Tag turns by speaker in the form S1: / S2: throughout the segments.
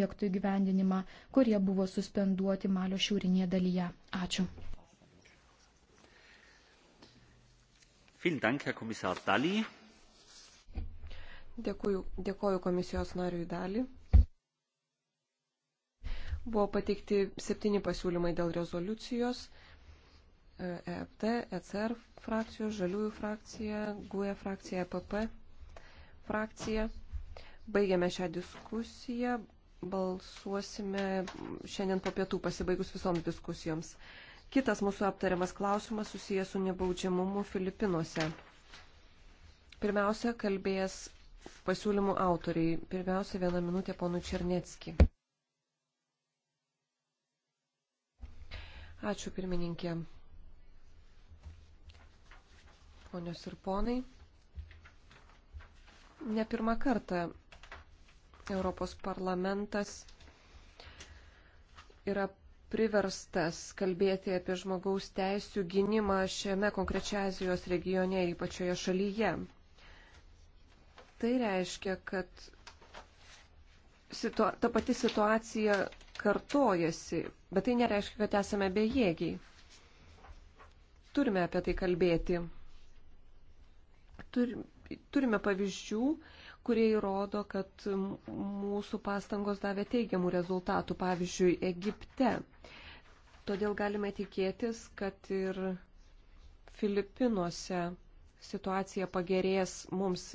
S1: projektų įgyvendinimą, kurie buvo suspenduoti Malio šiūrinėje dalyje. Ačiū.
S2: Dank,
S3: Dėkuoju, dėkuoju komisijos nariui dalį. Buvo pateikti septyni pasiūlymai dėl rezoliucijos. EFT, ECR frakcijos, Žaliųjų frakcija, GUE frakcija, PP e frakcija. Baigiame šią diskusiją balsuosime šiandien po pietų pasibaigus visoms diskusijoms. Kitas mūsų aptariamas klausimas susijęs su nebaudžiamumu Filipinuose. Pirmiausia, kalbės pasiūlymų autoriai. Pirmiausia, vieną minutę ponu Černecki. Ačiū pirmininkė. Ponios ir ponai, ne pirmą kartą Europos parlamentas yra priverstas kalbėti apie žmogaus teisų gynimą šiame konkrečia Azijos regione ir ypačioje šalyje. Tai reiškia, kad situa ta pati situacija kartojasi, bet tai nereiškia, kad esame bejėgiai. Turime apie tai kalbėti. Tur turime pavyzdžių, kurie įrodo, kad mūsų pastangos davė teigiamų rezultatų, pavyzdžiui, Egipte. Todėl galime tikėtis, kad ir Filipinuose situacija pagerės mums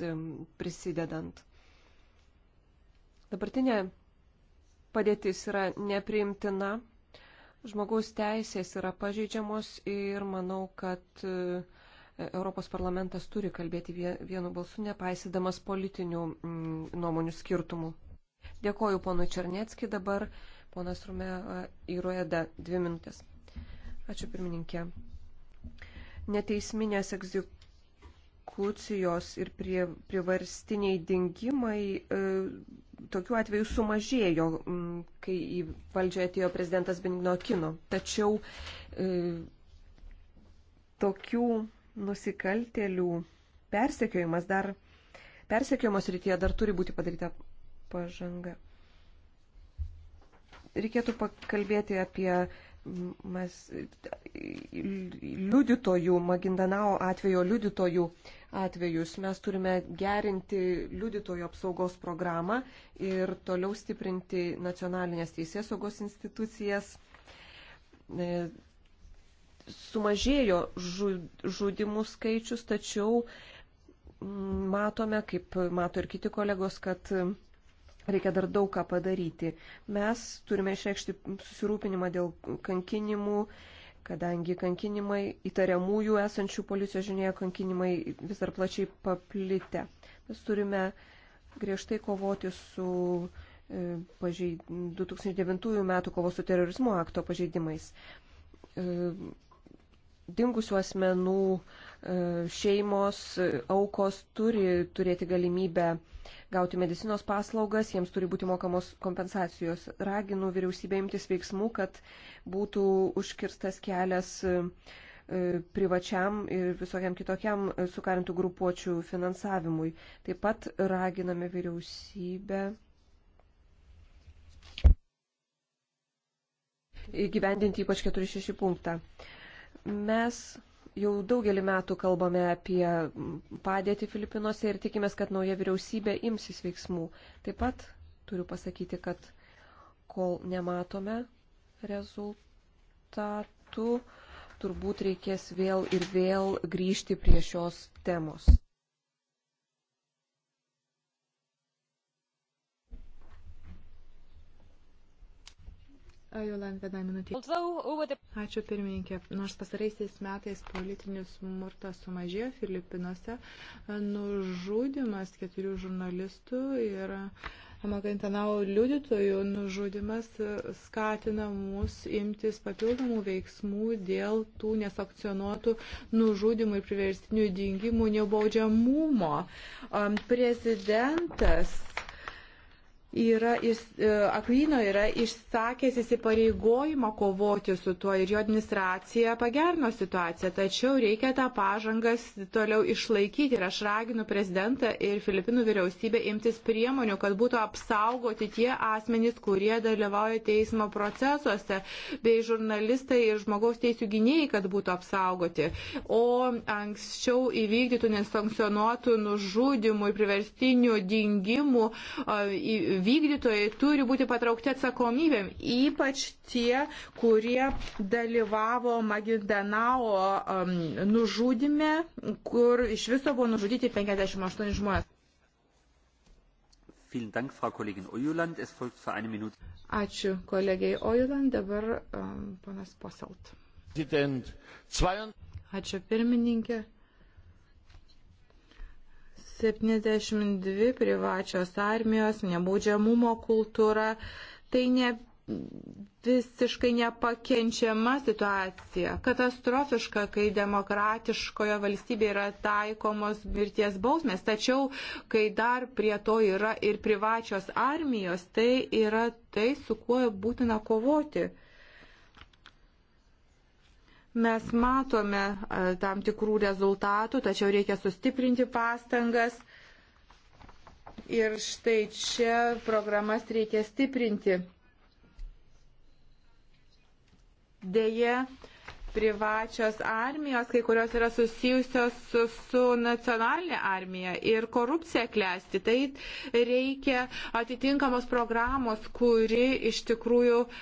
S3: prisidedant. Dabartinė padėtis yra nepriimtina, žmogaus teisės yra pažeidžiamos ir manau, kad uh, Europos parlamentas turi kalbėti vienu balsu, nepaisydamas politinių mm, nuomonių skirtumų. Dėkoju ponui Černiecki, dabar ponas Rume įruoja dvi minutės. Ačiū pirmininkė. Neteisminės egzekucijos ir prie, privarstiniai dingimai e, tokiu atveju sumažėjo, m, kai į valdžią atėjo prezidentas Benigno Kino. Tačiau e, tokių nusikaltėlių persekiojimas dar, persekiojamos rytyje dar turi būti padaryta pažanga. Reikėtų pakalbėti apie mas, liudytojų, Magindanao atvejo liudytojų atvejus. Mes turime gerinti liudytojų apsaugos programą ir toliau stiprinti nacionalinės teisės saugos institucijas sumažėjo žudimų skaičius, tačiau mm, matome, kaip mato ir kiti kolegos, kad reikia dar daug ką padaryti. Mes turime išreikšti susirūpinimą dėl kankinimų, kadangi kankinimai įtariamųjų esančių policijos žinioje kankinimai vis dar plačiai paplitę. Mes turime griežtai kovoti su 2009 e, metų kovos su terorizmu akto pažeidimais. E, dingusių asmenų e, šeimos e, aukos turi turėti galimybę gauti medicinos paslaugas, jiems turi būti mokamos kompensacijos. Raginu vyriausybę imtis veiksmų, kad būtų užkirstas kelias e, privačiam ir visokiam kitokiam sukarintų grupuočių finansavimui. Taip pat raginame vyriausybę įgyvendinti ypač 46 punktą. Mes jau daugelį metų kalbame apie padėtį Filipinuose ir tikimės, kad nauja vyriausybė imsis veiksmų. Taip pat turiu pasakyti, kad kol nematome rezultatų, turbūt reikės vėl ir vėl grįžti prie šios temos.
S4: Jolant, vieną minutę. Ačiū pirmininkė. Nors pasaraisiais metais politinis smurtas sumažėjo Filipinuose, nužudimas keturių žurnalistų ir Magantanao liudytojų nužudimas skatina mus imtis papildomų veiksmų dėl tų nesakcionuotų nužudimų ir priverstinių dingimų nebaudžiamumo. Prezidentas yra, iš, e, Akvino yra išsakęs įsipareigojimą kovoti su tuo ir jo administracija pagerino situaciją, tačiau reikia tą pažangą toliau išlaikyti ir aš raginu prezidentą ir Filipinų vyriausybę imtis priemonių, kad būtų apsaugoti tie asmenys, kurie dalyvauja teismo procesuose, bei žurnalistai ir žmogaus teisų gynėjai, kad būtų apsaugoti. O anksčiau įvykdytų nesankcionuotų nužudimų ir priverstinių dingimų e, vykdytojai turi būti patraukti atsakomybėm, ypač tie, kurie dalyvavo Magidanao um, nužudime, kur iš viso buvo nužudyti 58 žmonės. Ačiū kolegiai Ojuland, dabar um, panas Poselt. Ačiū pirmininkė. 72 privačios armijos, nebaudžiamumo kultūra. Tai ne visiškai nepakenčiama situacija, katastrofiška, kai demokratiškoje valstybėje yra taikomos mirties bausmės, tačiau kai dar prie to yra ir privačios armijos, tai yra tai, su kuo būtina kovoti. Mes matome e, tam tikrų rezultatų, tačiau reikia sustiprinti pastangas. Ir štai čia programas reikia stiprinti. Deja, privačios armijos, kai kurios yra susijusios su, su nacionalinė armija ir korupcija klesti. Tai reikia atitinkamos programos, kuri iš tikrųjų uh,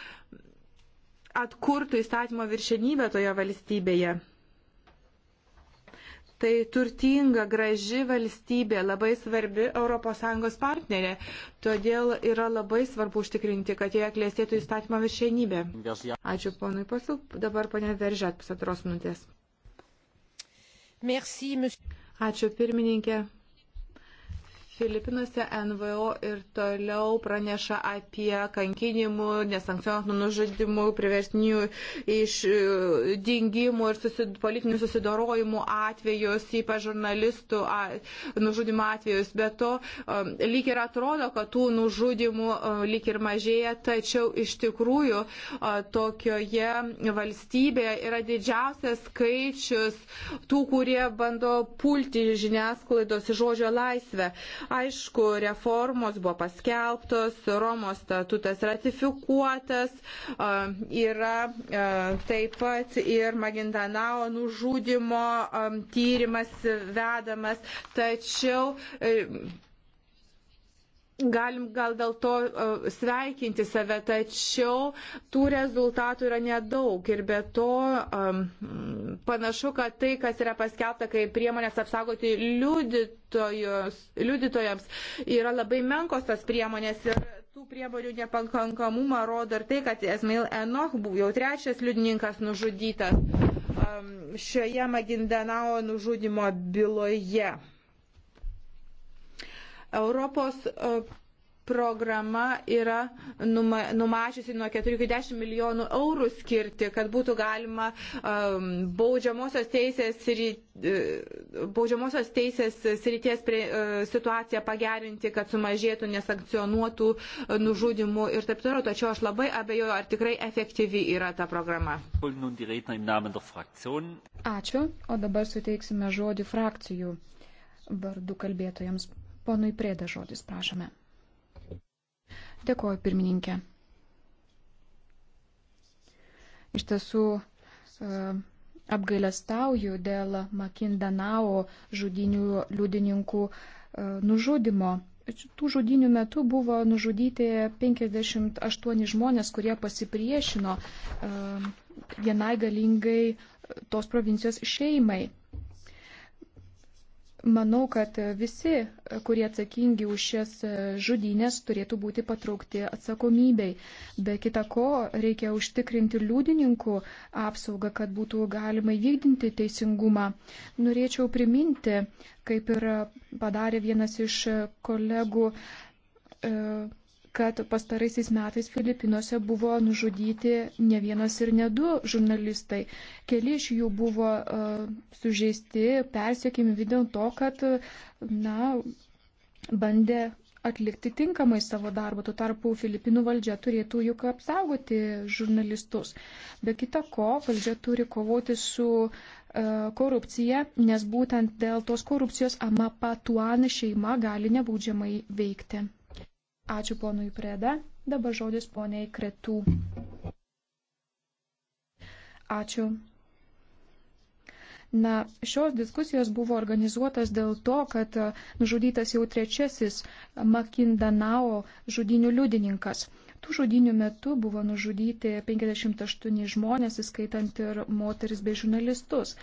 S4: atkurtų įstatymo viršenybę toje valstybėje. Tai turtinga, graži valstybė, labai svarbi ES partnerė. Todėl yra labai svarbu užtikrinti, kad joje klėstėtų įstatymo viršenybė. Ačiū ponui Pasil. Dabar ponia Veržet pusantros minutės. Merci, Ačiū pirmininkė. Filipinuose NVO ir toliau praneša apie kankinimų, nesankcionuotų nužudimų, priversnių iš e, dingimų ir susid, politinių susidorojimų atvejus, ypač žurnalistų a, nužudimų atvejus. Be to, um, lyg ir atrodo, kad tų nužudimų um, lyg ir mažėja, tačiau iš tikrųjų uh, tokioje valstybėje yra didžiausias skaičius tų, kurie bando pulti žiniasklaidos į žodžio laisvę. Aišku, reformos buvo paskelbtos, Romos statutas ratifikuotas, yra taip pat ir Magindanao nužudimo tyrimas vedamas, tačiau e, galim gal dėl to e, sveikinti save, tačiau tų rezultatų yra nedaug ir be to um, panašu, kad tai, kas yra paskelbta kaip priemonės apsaugoti liudytojams, yra labai menkos tas priemonės ir tų priemonių nepakankamumą rodo ir tai, kad Esmail Enoch buvo jau trečias liudininkas nužudytas um, šioje Magindanao nužudimo byloje. Europos e, programa yra numa, numačiusi nuo 4 iki 10 milijonų eurų skirti, kad būtų galima um, baudžiamosios teisės, ry, uh, e, baudžiamosios teisės srities prie, uh, situaciją pagerinti, kad sumažėtų nesankcionuotų uh, nužudimų ir taip toliau. Tačiau aš labai abejoju, ar tikrai efektyvi yra ta programa.
S1: Ačiū, o dabar suteiksime žodį frakcijų vardu kalbėtojams. Ponui Prėda žodis, prašome. Dėkuoju, pirmininkė. Iš tiesų, e, apgailestauju dėl Makindanao žudinių liudininkų e, nužudimo. Tų žudinių metu buvo nužudyti 58 žmonės, kurie pasipriešino e, vienai galingai tos provincijos šeimai. Manau, kad visi, kurie atsakingi už šias e, žudynės, turėtų būti patraukti atsakomybei. Be kita ko, reikia užtikrinti liudininkų apsaugą, kad būtų galima įvykdinti teisingumą. Norėčiau priminti, kaip ir padarė vienas iš kolegų. E, kad pastaraisiais metais Filipinuose buvo nužudyti ne vienas ir ne du žurnalistai. Keli iš jų buvo uh, sužeisti, persiekimi dėl to, kad na, bandė atlikti tinkamai savo darbą. Tuo tarpu Filipinų valdžia turėtų juk apsaugoti žurnalistus. Be kita ko, valdžia turi kovoti su e, korupcija, nes būtent dėl tos korupcijos Amapatuan šeima gali nebaudžiamai veikti. Ačiū ponui Preda. Dabar žodis poniai Kretų. Ačiū. Na, šios diskusijos buvo organizuotas dėl to, kad e, nužudytas jau trečiasis Makindanao žudinių liudininkas. Tų žudinių metu buvo nužudyti 58 žmonės, įskaitant ir moteris bei žurnalistus.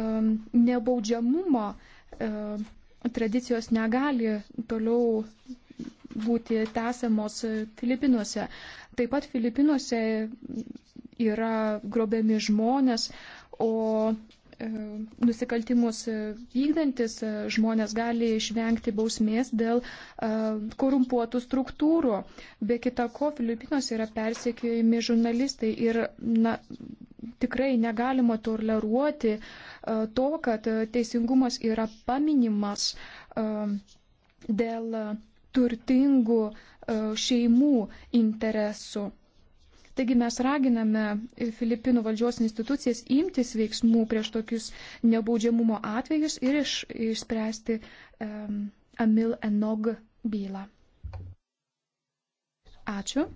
S1: Ehm, nebaudžiamumo e, tradicijos negali toliau būti tęsiamos Filipinuose. Taip pat Filipinuose yra grobiami žmonės, o e, nusikaltimus vykdantis žmonės gali išvengti bausmės dėl e, korumpuotų struktūrų. Be kita ko, Filipinos yra persekiojami žurnalistai ir na, tikrai negalima toleruoti e, to, kad teisingumas yra paminimas dėl turtingų e, šeimų interesų. Taigi mes raginame Filipinų valdžios institucijas imtis veiksmų prieš tokius nebaudžiamumo atvejus ir iš, išspręsti um, Amil Enog bylą. Ačiū,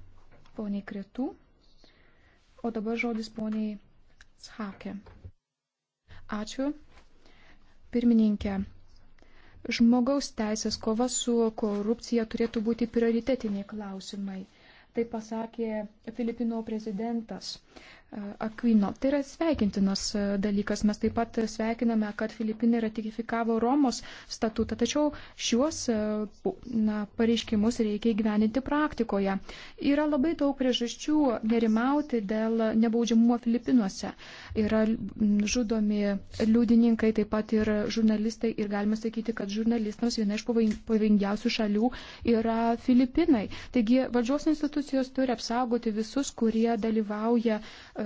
S1: poniai Kretų. O dabar žodis poniai Shakė. Ačiū, pirmininkė. Žmogaus teisės kova su korupcija turėtų būti prioritetiniai klausimai. Tai pasakė Filipino prezidentas. Akvino. Tai yra sveikintinas e, dalykas. Mes taip pat sveikiname, kad Filipinai ratifikavo Romos statutą, tačiau šiuos e, na, pareiškimus reikia įgyveninti praktikoje. Yra labai daug priežasčių nerimauti dėl nebaudžiamumo Filipinuose. Yra žudomi liudininkai, taip pat ir žurnalistai ir galima sakyti, kad žurnalistams viena iš pavojingiausių šalių yra Filipinai. Taigi valdžios institucijos turi apsaugoti visus, kurie dalyvauja E,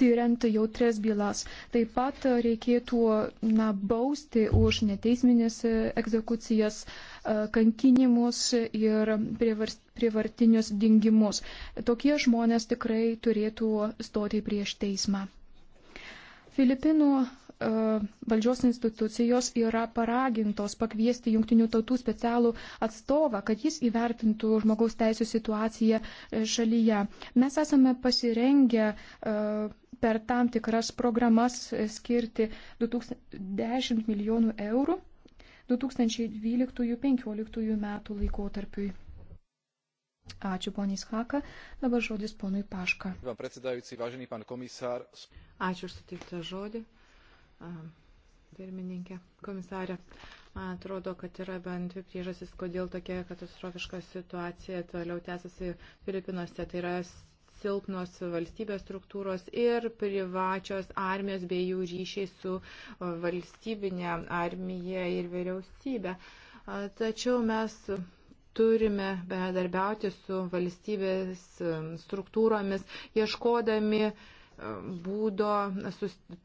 S1: tyriant jautres bylas. Taip pat reikėtų na, bausti už neteisminės egzekucijas, e, kankinimus ir prievartinius dingimus. Tokie žmonės tikrai turėtų stoti prieš teismą. Filipinų E, valdžios institucijos yra paragintos pakviesti jungtinių tautų specialų atstovą, kad jis įvertintų žmogaus teisų situaciją e, šalyje. Mes esame pasirengę e, per tam tikras programas skirti 10 milijonų eurų 2012-2015 metų laikotarpiui. Ačiū, ponys Haka. Dabar žodis ponui Paška. Ačiū už suteiktą žodį. Pirmininkė, komisarė, man
S4: atrodo, kad yra bent dvi priežasis, kodėl tokia katastrofiška situacija toliau tęsiasi Filipinuose. Tai yra silpnos valstybės struktūros ir privačios armijos bei jų ryšiai su valstybinė armija ir vyriausybė. Tačiau mes turime bendarbiauti su valstybės struktūromis, ieškodami uh, būdo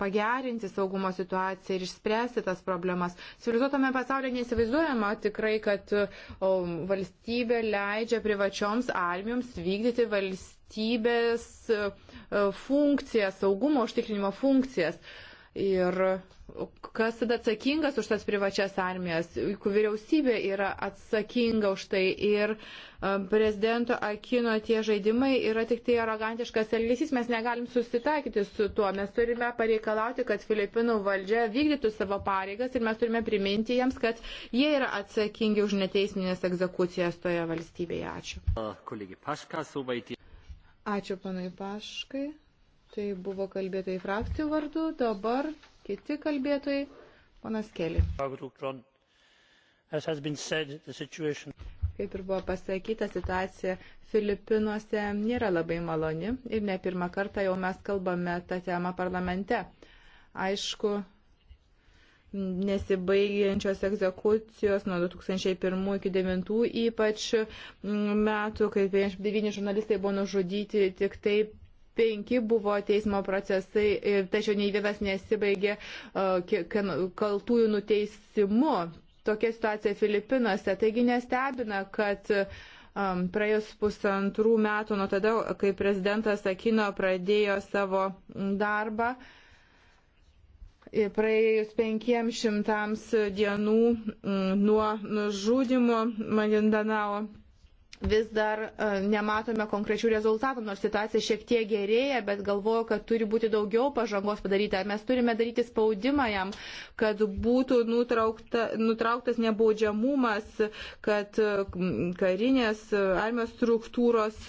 S4: pagerinti saugumo situaciją ir išspręsti tas problemas. Civilizuotame pasaulyje neįsivaizduojama tikrai, kad o, valstybė leidžia privačioms armijoms vykdyti valstybės e, funkcijas, saugumo užtikrinimo funkcijas. Ir kas tada atsakingas už tas privačias armijas, juk vyriausybė yra atsakinga už tai ir um, prezidento Akino tie žaidimai yra tik tai arogantiškas elgesys, mes negalim susitaikyti su tuo, mes turime pareikalauti, kad Filipinų valdžia vykdytų savo pareigas ir mes turime priminti jiems, kad jie yra atsakingi už neteisminės egzekucijas toje valstybėje. Ačiū. Ačiū panai Paškai. Tai buvo kalbėtai frakcijų vardu, dabar Kiti kalbėtojai, ponas Keli. Kaip ir buvo pasakyta, situacija Filipinuose nėra labai maloni ir ne pirmą kartą jau mes kalbame tą temą parlamente. Aišku, nesibaigiančios egzekucijos nuo 2001 iki 2009 ypač mm, metų, kai 9 žurnalistai buvo nužudyti tik taip penki buvo teismo procesai, e, tačiau nei vienas nesibaigė e, kaltųjų nuteisimu. Tokia situacija Filipinuose. Taigi nestebina, kad e, praėjus pusantrų metų nuo tada, kai prezidentas Akino pradėjo savo darbą, praėjus penkiems šimtams dienų nuo žudimo Malindanao vis dar e, nematome konkrečių rezultatų, nors situacija šiek tiek gerėja, bet galvoju, kad turi būti daugiau pažangos padaryta. Mes turime daryti spaudimą jam, kad būtų nutraukta, nutrauktas nebaudžiamumas, kad e, karinės e, armijos struktūros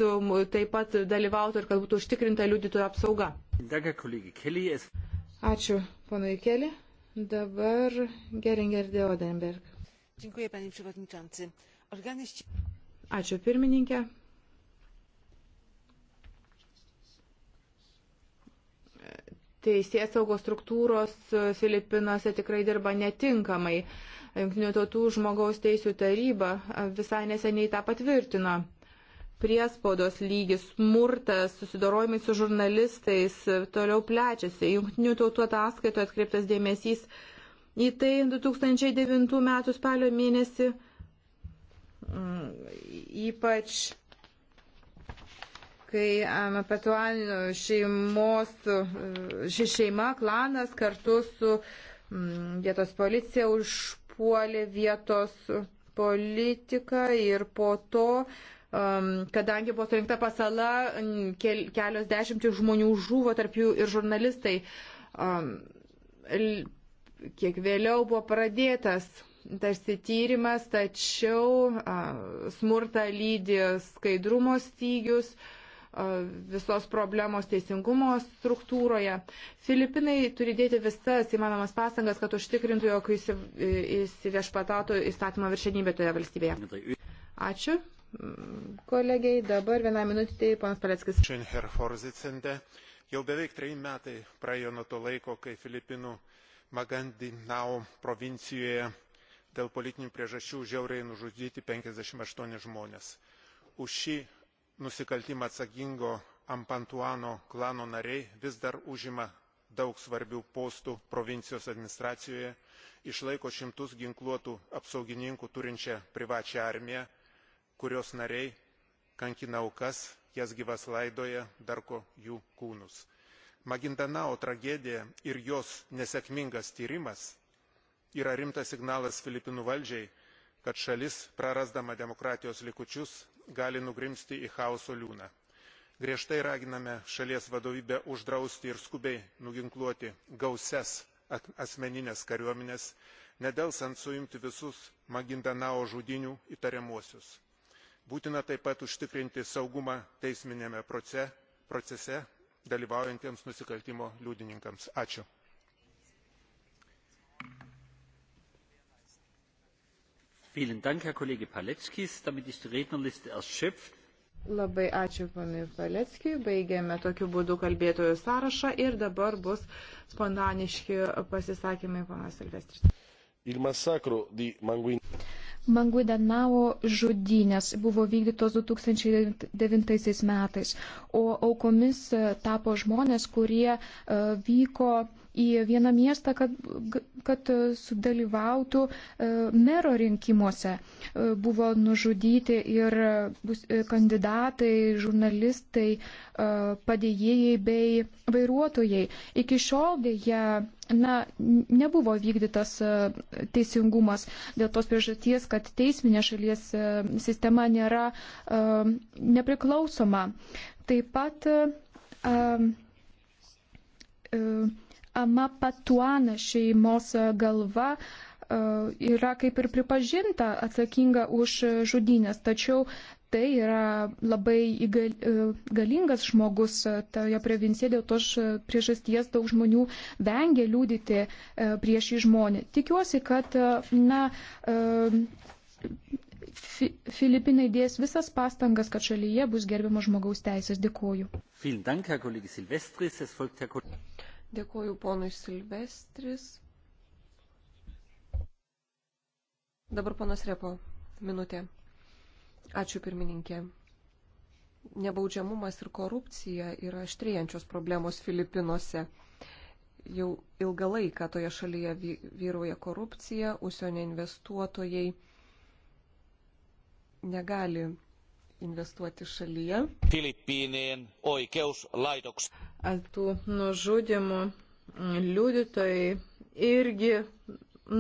S4: taip pat dalyvautų ir kad būtų užtikrinta liudytojų apsauga. Ačiū, ponai Keli. Dabar Geringer de Odenberg. Dziękuję, panie przewodniczący. Organy ścigania Ačiū pirmininkė. Teisės saugos struktūros Filipinose tikrai dirba netinkamai. Junktinių tautų žmogaus teisų taryba visai neseniai tą patvirtino priespaudos lygis, smurtas, susidorojimai su žurnalistais toliau plečiasi. Junktinių tautų ataskaitoje atkreiptas dėmesys į tai, tai 2009 m. spalio mėnesį Mm, ypač kai Mepetuanų šeimos, e, ši šeima, klanas kartu su mm, vietos policija užpuolė vietos politiką ir po to, kadangi buvo surinkta pasala, kelios dešimtys žmonių žuvo, tarp jų ir žurnalistai. Kiek vėliau buvo pradėtas tarsi tyrimas, tačiau smurta lydi skaidrumo stygius visos problemos teisingumo struktūroje. Filipinai turi dėti visas įmanomas pastangas, kad užtikrintų, jog įsiviešpatatų įstatymo viršenybė toje valstybėje. Ačiū. Kolegiai, dabar vieną minutę, tai panas Paleckis.
S5: Jau beveik treji metai praėjo nuo to laiko, kai Filipinų Magandinau provincijoje dėl politinių priežasčių žiauriai nužudyti 58 žmonės. Už šį nusikaltimą atsakingo Ampantuano klano nariai vis dar užima daug svarbių postų provincijos administracijoje, išlaiko šimtus ginkluotų apsaugininkų turinčią privačią armiją, kurios nariai kankina aukas, jas gyvas laidoja, darko jų kūnus. Magindanao tragedija ir jos nesėkmingas tyrimas yra rimtas signalas filipinų valdžiai kad šalis prarasdama demokratijos likučius gali nugrimzti į chaoso liūną. griežtai raginame šalies vadovybę uždrausti ir skubiai nuginkluoti gausias asmenines kariuomenes nedelsiant suimti visus magindanao žudynių įtariamuosius. būtina taip pat užtikrinti saugumą teisminiame procese dalyvaujantiems nusikaltimo liudininkams. ačiū.
S2: Dank, damit ist die Rednerliste erschöpft.
S4: Labai ačiū panui Paleckiui, baigėme tokiu būdu kalbėtojų sąrašą ir dabar bus spontaniški pasisakymai panas Silvestris.
S1: Manguidanao žudynės buvo vykdytos 2009 metais, o aukomis tapo žmonės, kurie e, vyko į vieną miestą, kad, kad sudalyvautų e, mero rinkimuose. E, buvo nužudyti ir e, kandidatai, žurnalistai, padėjėjai bei vairuotojai. Iki šiol dėja. Na, nebuvo vykdytas teisingumas dėl tos priežasties, kad teisminė šalies sistema nėra nepriklausoma. Taip pat Amapatuana šeimos galva e, yra kaip ir pripažinta atsakinga už žudynės, tačiau tai yra labai įgal, e, galingas žmogus toje provincijoje, dėl tos priežasties daug žmonių vengia liūdyti e, prieš į žmonį. Tikiuosi, kad na, fi, Filipinai dės visas pastangas, kad šalyje bus gerbiamas žmogaus teisės. Dėkuoju.
S2: Vielen Dank, Herr Kollege Silvestris. Es folgt Herr Kollege.
S3: Dėkuoju ponui Silvestris. Dabar ponas Repo, minutė. Ačiū pirmininkė. Nebaudžiamumas ir korupcija yra aštrėjančios problemos Filipinuose jau ilgą laiką toje šalyje vyruoja korupcija, užsienio investuotojai negali investuoti šalyje.
S4: Filippiinien oikeuslaitoks
S3: tų nužudimų
S4: liudytojai irgi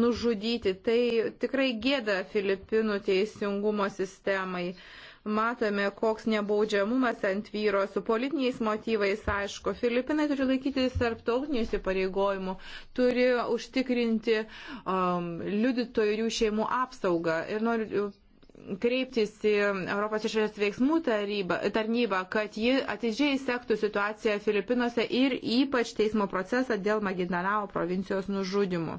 S4: nužudyti. Tai tikrai gėda Filipinų teisingumo sistemai. Matome, koks nebaudžiamumas ant vyro su politiniais motyvais, aišku. Filipinai turi laikytis tarptautinių įsipareigojimų, turi užtikrinti um, liudytojų ir jų šeimų apsaugą. Ir noriu kreiptis į Europos išorės veiksmų tarybą, tarnybą, kad ji atidžiai sektų situaciją Filipinuose ir ypač teismo procesą dėl
S3: Magindanao provincijos nužudimų.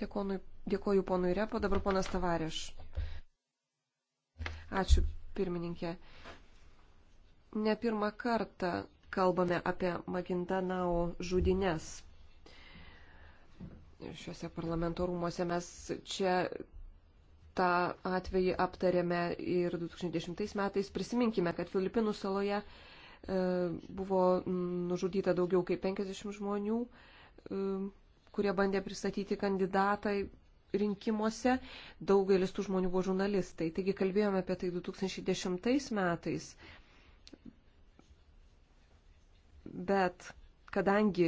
S3: Dėkonu, dėkoju ponui Repo, dabar ponas Tavariš. Ačiū, pirmininkė. Ne pirmą kartą kalbame apie Magindanao žudines šiuose parlamento rūmose. Mes čia tą atvejį aptarėme ir 2010 metais. Prisiminkime, kad Filipinų saloje e, buvo nužudyta daugiau kaip 50 žmonių, e, kurie bandė pristatyti kandidatą rinkimuose. Daugelis tų žmonių buvo žurnalistai. Taigi kalbėjome apie tai 2010 metais. Bet kadangi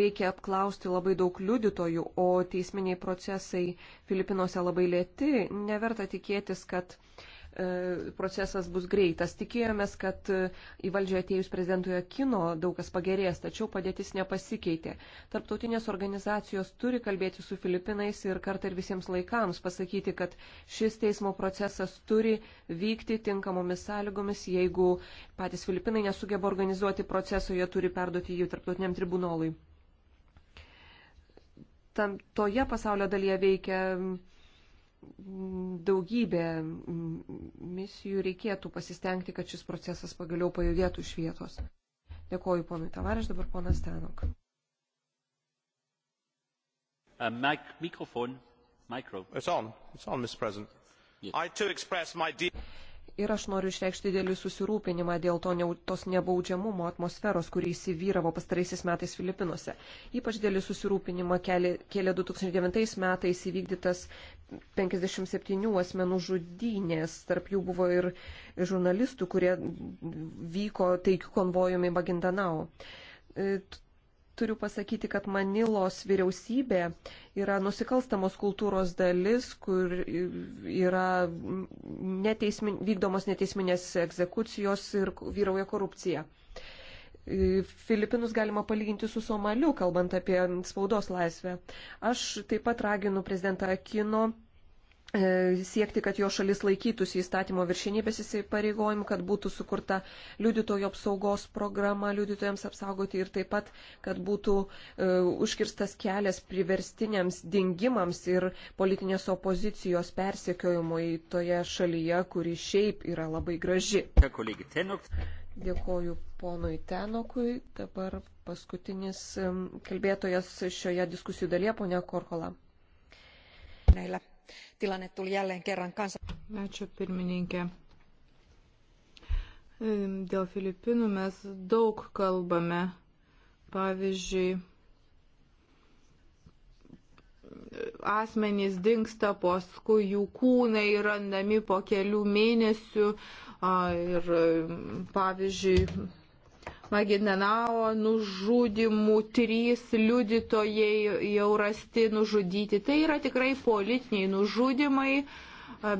S3: reikia apklausti labai daug liudytojų, o teisminiai procesai Filipinuose labai lėti, neverta tikėtis, kad E, procesas bus greitas. Tikėjomės, kad e, į valdžią atėjus prezidentui Akino daug kas pagerės, tačiau padėtis nepasikeitė. Tarptautinės organizacijos turi kalbėti su Filipinais ir kartą ir visiems laikams pasakyti, kad šis teismo procesas turi vykti tinkamomis sąlygomis. Jeigu patys Filipinai nesugeba organizuoti proceso, jie turi perduoti jį tarptautiniam tribunolui. Tam toje pasaulio dalyje veikia daugybė misijų reikėtų pasistengti, kad šis procesas pagaliau pajudėtų iš vietos. Dėkoju ponui Tavarėš, dabar ponas Tenok.
S2: Uh, mikrofon. Mikro. It's on. It's on, Mr. President. Yeah. I too
S4: express my deep
S3: ir aš noriu išreikšti didelį susirūpinimą dėl to, ne, tos nebaudžiamumo atmosferos, kurį įsivyravo pastaraisiais metais Filipinuose. Ypač didelį susirūpinimą kėlė, kėlė 2009 metais įvykdytas 57 asmenų žudynės, tarp jų buvo ir žurnalistų, kurie vyko taikių konvojumi Magindanao e, Turiu pasakyti, kad Manilos vyriausybė yra nusikalstamos kultūros dalis, kur yra neteismin, vykdomos neteisminės egzekucijos ir vyrauja korupcija. E, Filipinus galima palyginti su Somaliu, kalbant apie spaudos laisvę. Aš taip pat raginu prezidentą Akino E, siekti, kad jo šalis laikytųsi įstatymo viršinybės įsipareigojimų, kad būtų sukurta liudytojų apsaugos programa liudytojams apsaugoti ir taip pat, kad būtų e, užkirstas kelias priverstiniams dingimams ir politinės opozicijos persekiojimui toje šalyje, kuri šiaip yra labai graži. Dėkoju ponui Tenokui. Dabar paskutinis kalbėtojas šioje diskusijų dalyje, ponia Korhola. Leila. Tilanne tuli jälleen kerran kansa...
S4: Ačiū pirmininkė. Dėl Filipinų mes daug kalbame. Pavyzdžiui, asmenys dinksta, paskui jų kūnai randami po kelių mėnesių ir, pavyzdžiui, Maginanao nužudimų, trys liudytojai jau rasti nužudyti. Tai yra tikrai politiniai nužudimai,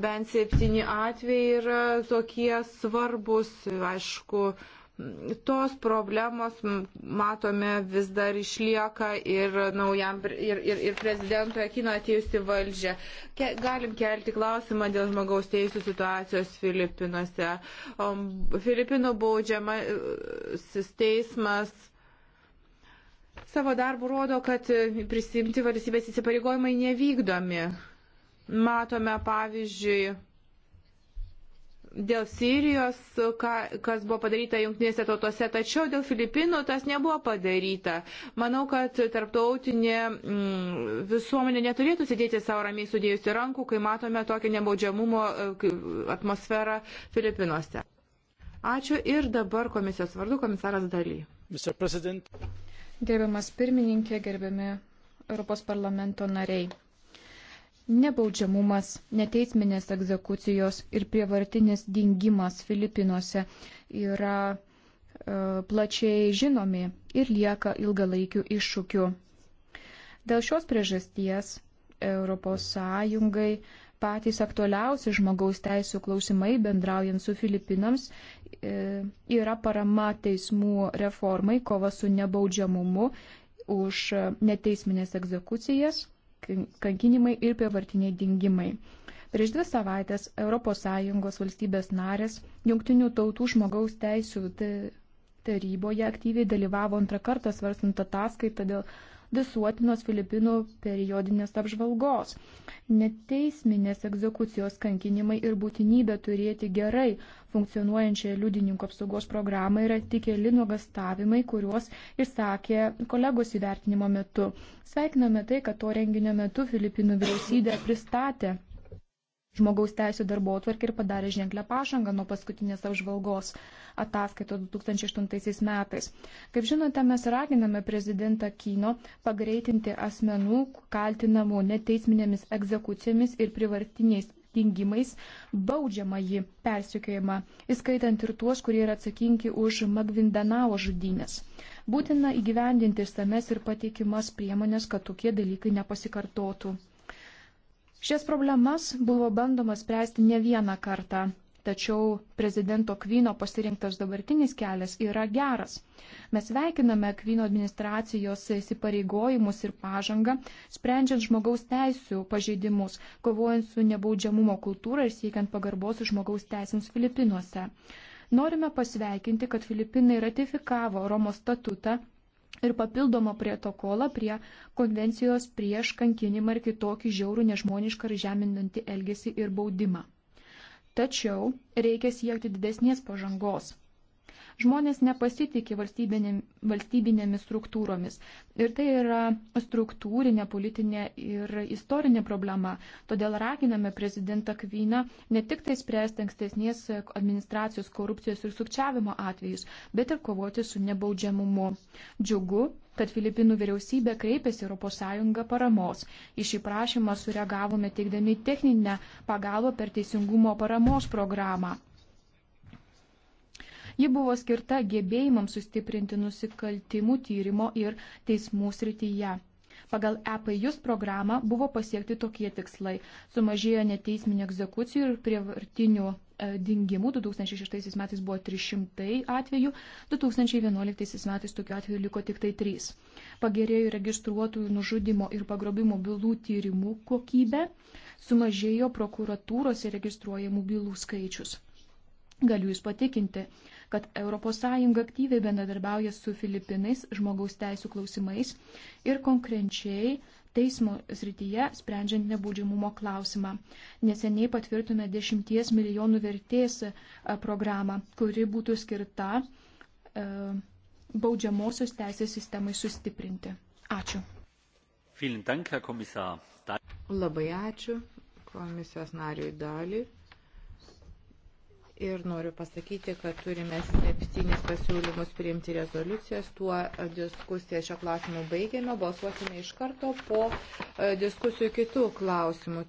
S4: bent septyni atvejai yra tokie svarbus, aišku, tos problemos, matome, vis dar išlieka ir, naujam, ir, ir, ir prezidentui Akino atėjusi valdžia. Ke, galim kelti klausimą dėl žmogaus teisų situacijos Filipinuose. Um, Filipinų baudžiamasis teismas savo darbų rodo, kad prisimti valstybės įsipareigojimai nevykdomi. Matome pavyzdžiui, dėl Sirijos, ka, kas buvo padaryta jungtinėse tautose, tačiau dėl Filipinų tas nebuvo padaryta. Manau, kad tarptautinė mm, visuomenė neturėtų sėdėti savo ramiai sudėjusi rankų, kai matome tokią nebaudžiamumo e, atmosferą Filipinuose. Ačiū ir dabar komisijos vardu komisaras Daly.
S1: Gerbiamas pirmininkė, gerbiami Europos parlamento nariai. Nebaudžiamumas, neteisminės egzekucijos ir prievartinis dingimas Filipinuose yra e, plačiai žinomi ir lieka ilgalaikių iššūkių. Dėl šios priežasties ES patys aktualiausi žmogaus teisų klausimai bendraujant su Filipinams e, yra parama teismų reformai, kova su nebaudžiamumu už neteisminės egzekucijas kankinimai ir prievartiniai dingimai. Prieš dvi savaitės ES valstybės narės Junktinių tautų žmogaus teisų taryboje aktyviai dalyvavo antrą kartą svarstant ataskaitą dėl visuotinos Filipinų periodinės apžvalgos. Neteisminės egzekucijos kankinimai ir būtinybė turėti gerai funkcionuojančią liudininkų apsaugos programą yra tik keli nuogastavimai, kuriuos išsakė kolegos įvertinimo metu. Sveikiname tai, kad to renginio metu Filipinų vyriausybė pristatė žmogaus teisų darbo atvarkį ir padarė ženklę pažangą nuo paskutinės apžvalgos ataskaito 2008 metais. Kaip žinote, mes raginame prezidentą Kino pagreitinti asmenų kaltinamų neteisminėmis egzekucijomis ir privartiniais dingimais baudžiamą jį persiekėjimą, įskaitant ir tuos, kurie yra atsakingi už Magvindanao žudynės. Būtina įgyvendinti išsames ir pateikimas priemonės, kad tokie dalykai nepasikartotų. Šias problemas buvo bandoma spręsti ne vieną kartą, tačiau prezidento Kvino pasirinktas dabartinis kelias yra geras. Mes veikiname Kvino administracijos įsipareigojimus ir pažangą, sprendžiant žmogaus teisų pažeidimus, kovojant su nebaudžiamumo kultūra ir siekiant pagarbos žmogaus teisėms Filipinuose norime pasveikinti, kad Filipinai ratifikavo Romos statutą ir papildomo protokolo prie konvencijos prieš kankinimą ir kitokį žiaurų nežmonišką ir žeminantį elgesį ir baudimą. Tačiau reikia siekti didesnės pažangos Žmonės nepasitikė valstybinė, valstybinėmis struktūromis. Ir tai yra struktūrinė, politinė ir istorinė problema. Todėl raginame prezidentą Kvyną ne tik tai spręsti ankstesnės administracijos korupcijos ir sukčiavimo atvejus, bet ir kovoti su nebaudžiamumu. Džiugu, kad Filipinų vyriausybė kreipėsi ES paramos. Į šį prašymą sureagavome teikdami techninę pagalbą per teisingumo paramos programą. Ji buvo skirta gebėjimams sustiprinti nusikaltimų tyrimo ir teismų srityje. Pagal EPJUS programą buvo pasiekti tokie tikslai. Sumažėjo neteisminio egzekucijų ir prievartinių e, dingimų. 2006 metais buvo 300 atvejų, 2011 metais tokių atvejų liko tik tai 3. Pagerėjo registruotųjų nužudimo ir pagrobimo bylų tyrimų kokybė, sumažėjo prokuratūros ir registruojamų bylų skaičius. Galiu Jūs patikinti, kad ES aktyviai bendradarbiauja su Filipinais žmogaus teisų klausimais ir konkrečiai teismo srityje sprendžiant nebaudžiamumo klausimą. Neseniai patvirtume 10 milijonų vertės e, programą, kuri būtų skirta e, baudžiamosios teisės sistemai sustiprinti. Ačiū. Dank, Labai ačiū komisijos nariui dalį
S4: ir noriu pasakyti, kad turime septynis pasiūlymus priimti rezoliucijas. Tuo e, diskusiją šio klausimu baigėme. Balsuosime iš karto po e, diskusijų kitų klausimų.